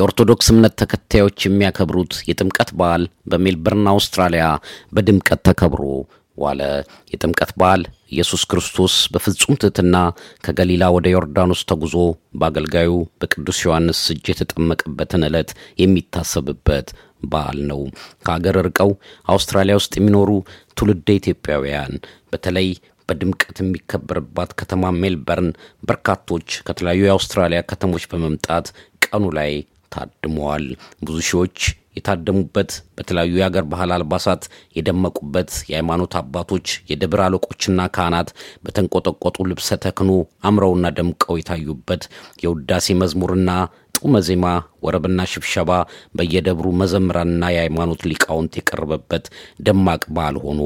የኦርቶዶክስ እምነት ተከታዮች የሚያከብሩት የጥምቀት በዓል በሜልበርን አውስትራሊያ በድምቀት ተከብሮ ዋለ። የጥምቀት በዓል ኢየሱስ ክርስቶስ በፍጹም ትሕትና ከገሊላ ወደ ዮርዳኖስ ተጉዞ በአገልጋዩ በቅዱስ ዮሐንስ እጅ የተጠመቀበትን ዕለት የሚታሰብበት በዓል ነው። ከአገር ርቀው አውስትራሊያ ውስጥ የሚኖሩ ትውልደ ኢትዮጵያውያን በተለይ በድምቀት የሚከበርባት ከተማ ሜልበርን በርካቶች ከተለያዩ የአውስትራሊያ ከተሞች በመምጣት ቀኑ ላይ ታድመዋል። ብዙ ሺዎች የታደሙበት በተለያዩ የአገር ባህል አልባሳት የደመቁበት የሃይማኖት አባቶች፣ የደብር አለቆችና ካህናት በተንቆጠቆጡ ልብሰ ተክኖ አምረውና ደምቀው የታዩበት የውዳሴ መዝሙርና ጩመ ዜማ፣ ወረብና ሽብሸባ በየደብሩ መዘምራንና የሃይማኖት ሊቃውንት የቀረበበት ደማቅ በዓል ሆኖ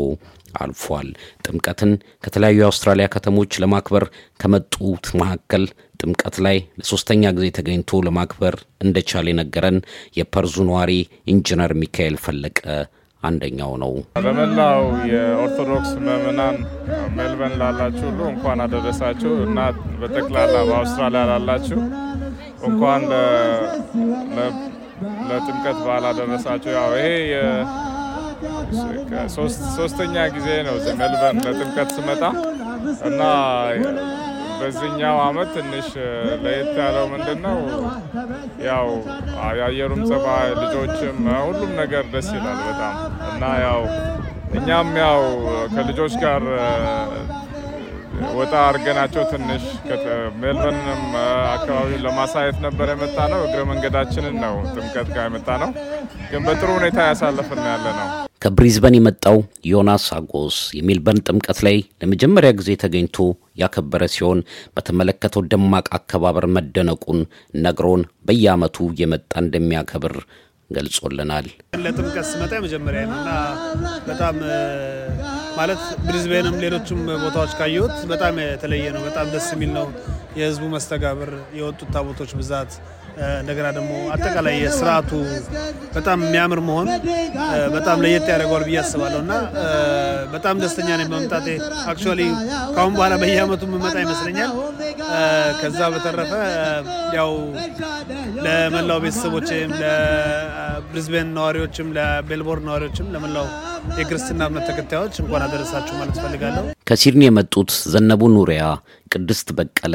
አልፏል። ጥምቀትን ከተለያዩ የአውስትራሊያ ከተሞች ለማክበር ከመጡት መካከል ጥምቀት ላይ ለሶስተኛ ጊዜ ተገኝቶ ለማክበር እንደቻለ የነገረን የፐርዙ ነዋሪ ኢንጂነር ሚካኤል ፈለቀ አንደኛው ነው። ለመላው የኦርቶዶክስ ምዕመናን ሜልበን ላላችሁ ሁሉ እንኳን አደረሳችሁ እና በጠቅላላ በአውስትራሊያ ላላችሁ እንኳን ለጥምቀት በዓል አደረሳችሁ። ያው ይሄ ሶስተኛ ጊዜ ነው ዝመልበን ለጥምቀት ስመጣ እና በዚህኛው አመት ትንሽ ለየት ያለው ምንድን ነው ያው የአየሩም ጸባይ፣ ልጆችም ሁሉም ነገር ደስ ይላል በጣም እና ያው እኛም ያው ከልጆች ጋር ወጣ አድርገናቸው ትንሽ ሜልበርንም አካባቢ ለማሳየት ነበር የመጣ ነው። እግረ መንገዳችንን ነው ጥምቀት ጋር የመጣ ነው፣ ግን በጥሩ ሁኔታ ያሳለፍን ያለ ነው። ከብሪዝበን የመጣው ዮናስ አጎስ የሜልበርን ጥምቀት ላይ ለመጀመሪያ ጊዜ ተገኝቶ ያከበረ ሲሆን በተመለከተው ደማቅ አከባበር መደነቁን ነግሮን በየዓመቱ የመጣ እንደሚያከብር ገልጾልናል። ለጥምቀት ስመጣ የመጀመሪያ ነው እና በጣም ማለት ብሪዝቤንም ሌሎችም ቦታዎች ካየሁት በጣም የተለየ ነው። በጣም ደስ የሚል ነው። የህዝቡ መስተጋብር፣ የወጡት ታቦቶች ብዛት፣ እንደገና ደግሞ አጠቃላይ የስርዓቱ በጣም የሚያምር መሆን በጣም ለየት ያደርገዋል ብዬ አስባለሁ እና በጣም ደስተኛ ነኝ በመምጣቴ። አክቹዋሊ ካሁን በኋላ በየአመቱ የምመጣ ይመስለኛል። ከዛ በተረፈ ያው ለመላው ቤተሰቦቼም ለብሪዝቤን ነዋሪዎችም ለሜልቦርን ነዋሪዎችም ለመላው የክርስትና እምነት ተከታዮች እንኳን አደረሳችሁ ማለት ፈልጋለሁ። ከሲድኒ የመጡት ዘነቡ ኑሪያ፣ ቅድስት በቀለ፣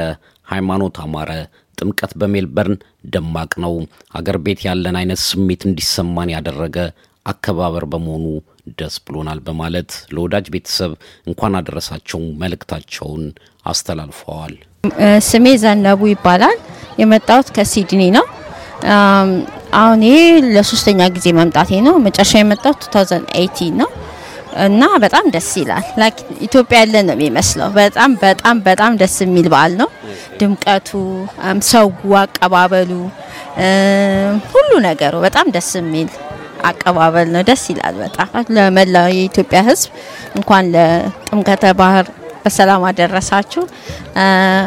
ሃይማኖት አማረ ጥምቀት በሜልበርን ደማቅ ነው፣ አገር ቤት ያለን አይነት ስሜት እንዲሰማን ያደረገ አከባበር በመሆኑ ደስ ብሎናል በማለት ለወዳጅ ቤተሰብ እንኳን አደረሳቸው መልእክታቸውን አስተላልፈዋል። ስሜ ዘነቡ ይባላል። የመጣሁት ከሲድኒ ነው። አሁን ይሄ ለሶስተኛ ጊዜ መምጣቴ ነው። መጨረሻ የመጣው 2018 ነው እና በጣም ደስ ይላል። ላይክ ኢትዮጵያ ያለ ነው የሚመስለው። በጣም በጣም በጣም ደስ የሚል በዓል ነው። ድምቀቱ፣ um, ሰው፣ አቀባበሉ፣ um, ሁሉ ነገሩ በጣም ደስ የሚል አቀባበል ነው። ደስ ይላል በጣም። ለመላው የኢትዮጵያ ሕዝብ እንኳን ለጥምቀተ ባህር በሰላም አደረሳችሁ። uh,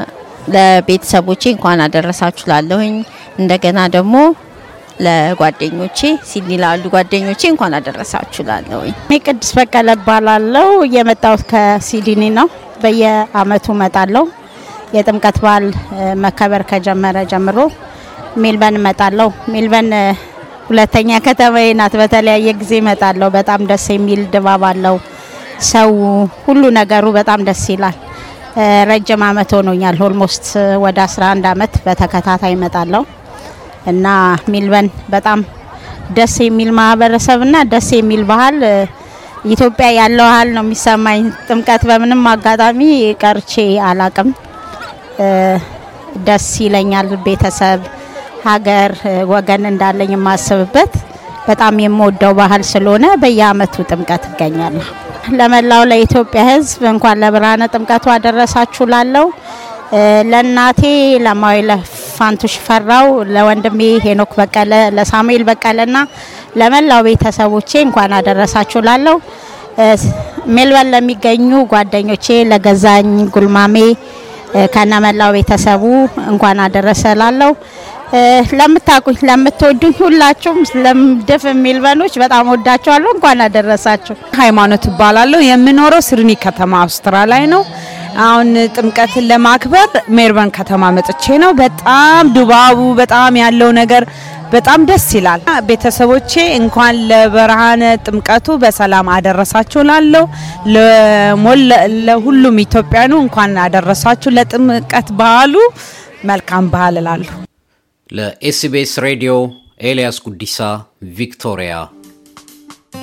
ለቤተሰቦቼ እንኳን አደረሳችሁ ላለሁኝ እንደገና ደግሞ ለጓደኞቼ ሲድኒ ላሉ ጓደኞቼ እንኳን አደረሳችሁ ላለሁ። እኔ ቅድስ በቀለ እባላለሁ። የመጣሁት ከሲድኒ ነው። በየአመቱ እመጣለሁ። የጥምቀት በዓል መከበር ከጀመረ ጀምሮ ሜልበን እመጣለሁ። ሜልበን ሁለተኛ ከተማዬ ናት። በተለያየ ጊዜ እመጣለሁ። በጣም ደስ የሚል ድባብ አለው። ሰው ሁሉ ነገሩ በጣም ደስ ይላል። ረጅም አመት ሆኖኛል። ኦልሞስት ወደ 11 አመት በተከታታይ እመጣለሁ። እና ሚልበን በጣም ደስ የሚል ማህበረሰብና ደስ የሚል ባህል ኢትዮጵያ ያለው ባህል ነው የሚሰማኝ። ጥምቀት በምንም አጋጣሚ ቀርቼ አላቅም። ደስ ይለኛል። ቤተሰብ፣ ሀገር፣ ወገን እንዳለኝ የማስብበት በጣም የምወደው ባህል ስለሆነ በየአመቱ ጥምቀት እገኛለሁ። ለመላው ለኢትዮጵያ ሕዝብ እንኳን ለብርሃነ ጥምቀቱ አደረሳችሁ ላለው ለእናቴ ለማዊለፍ ለፋንቱ ሽፈራው፣ ለወንድሜ ሄኖክ በቀለ፣ ለሳሙኤል በቀለና ለመላው ቤተሰቦቼ እንኳን አደረሳችሁ ላለው ሜልበን ለሚገኙ ጓደኞቼ ለገዛኝ ጉልማሜ ከነመላው ቤተሰቡ እንኳን አደረሰ ላለው ለምታቁኝ ለምትወዱኝ ሁላችሁም ለምደፍ የሚልበኖች በጣም ወዳቸዋለሁ። እንኳን አደረሳችሁ። ሃይማኖት እባላለሁ። የምኖረው ስርኒ ከተማ አውስትራሊያ ነው። አሁን ጥምቀትን ለማክበር ሜርበን ከተማ መጥቼ ነው። በጣም ድባቡ በጣም ያለው ነገር በጣም ደስ ይላል። ቤተሰቦቼ እንኳን ለብርሃነ ጥምቀቱ በሰላም አደረሳችሁ ላለው ለሁሉም ኢትዮጵያኑ እንኳን አደረሳችሁ ለጥምቀት በዓሉ መልካም በዓል እላለሁ። ለኤስቢኤስ ሬዲዮ ኤልያስ ጉዲሳ ቪክቶሪያ።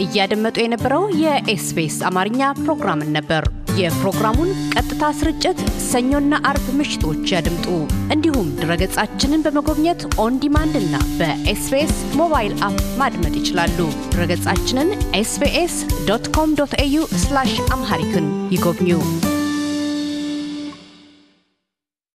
እያደመጡ የነበረው የኤስቢኤስ አማርኛ ፕሮግራምን ነበር። የፕሮግራሙን ቀጥታ ስርጭት ሰኞና አርብ ምሽቶች ያድምጡ። እንዲሁም ድረገጻችንን በመጎብኘት ኦን ዲማንድ እና በኤስቢኤስ ሞባይል አፕ ማድመጥ ይችላሉ። ድረገጻችንን ኤስቢኤስ ዶት ኮም ዶት ኤዩ አምሃሪክን ይጎብኙ።